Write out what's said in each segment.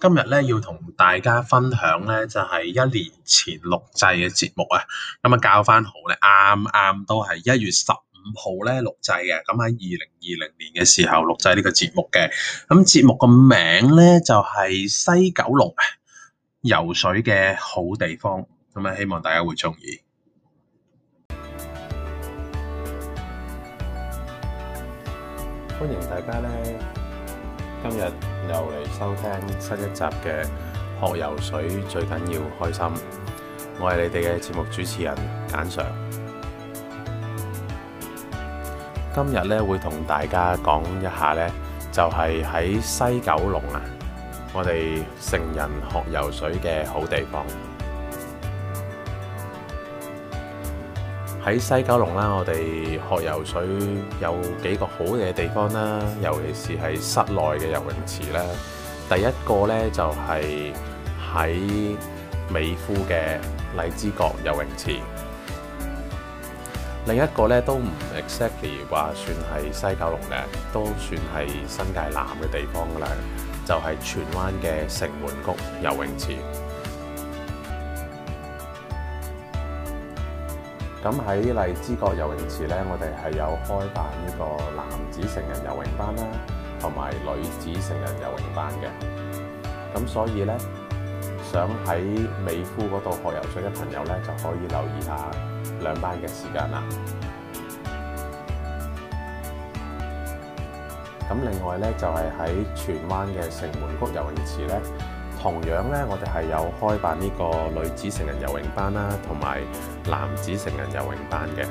今日咧要同大家分享咧，就係、是、一年前錄製嘅節目啊！咁啊教翻好咧，啱啱都係一月十五號咧錄製嘅。咁喺二零二零年嘅時候錄製呢個節目嘅。咁、嗯、節目個名咧就係、是、西九龍游水嘅好地方。咁、嗯、啊希望大家會中意，歡迎大家咧。今日又嚟收聽新一集嘅學游水最緊要開心，我係你哋嘅節目主持人簡 Sir。今日呢會同大家講一下呢就係、是、喺西九龍啊，我哋成人學游水嘅好地方。喺西九龍啦，我哋學游水有幾個好嘅地方啦，尤其是係室內嘅游泳池啦。第一個呢，就係喺美孚嘅荔枝角游泳池，另一個呢，都唔 exactly 話算係西九龍嘅，都算係新界南嘅地方噶啦，就係荃灣嘅城門谷游泳池。咁喺荔枝角游泳池咧，我哋係有開辦呢個男子成人游泳班啦，同埋女子成人游泳班嘅。咁所以咧，想喺美孚嗰度學游泳嘅朋友咧，就可以留意下兩班嘅時間啦。咁另外咧，就係喺荃灣嘅城門谷游泳池咧。同樣咧，我哋係有開辦呢個女子成人游泳班啦，同埋男子成人游泳班嘅。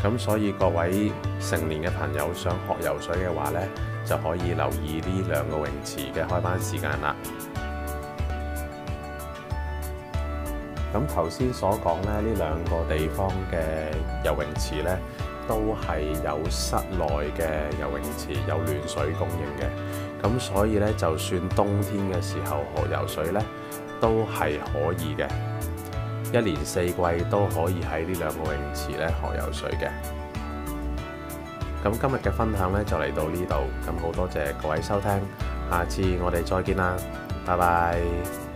咁所以各位成年嘅朋友想學游水嘅話呢，就可以留意呢兩個泳池嘅開班時間啦。咁頭先所講咧，呢兩個地方嘅游泳池呢，都係有室內嘅游泳池，有暖水供應嘅。咁所以呢，就算冬天嘅時候學游水呢，都係可以嘅。一年四季都可以喺呢兩個泳池咧學游水嘅。咁今日嘅分享呢，就嚟到呢度，咁好多謝各位收聽，下次我哋再見啦，拜拜。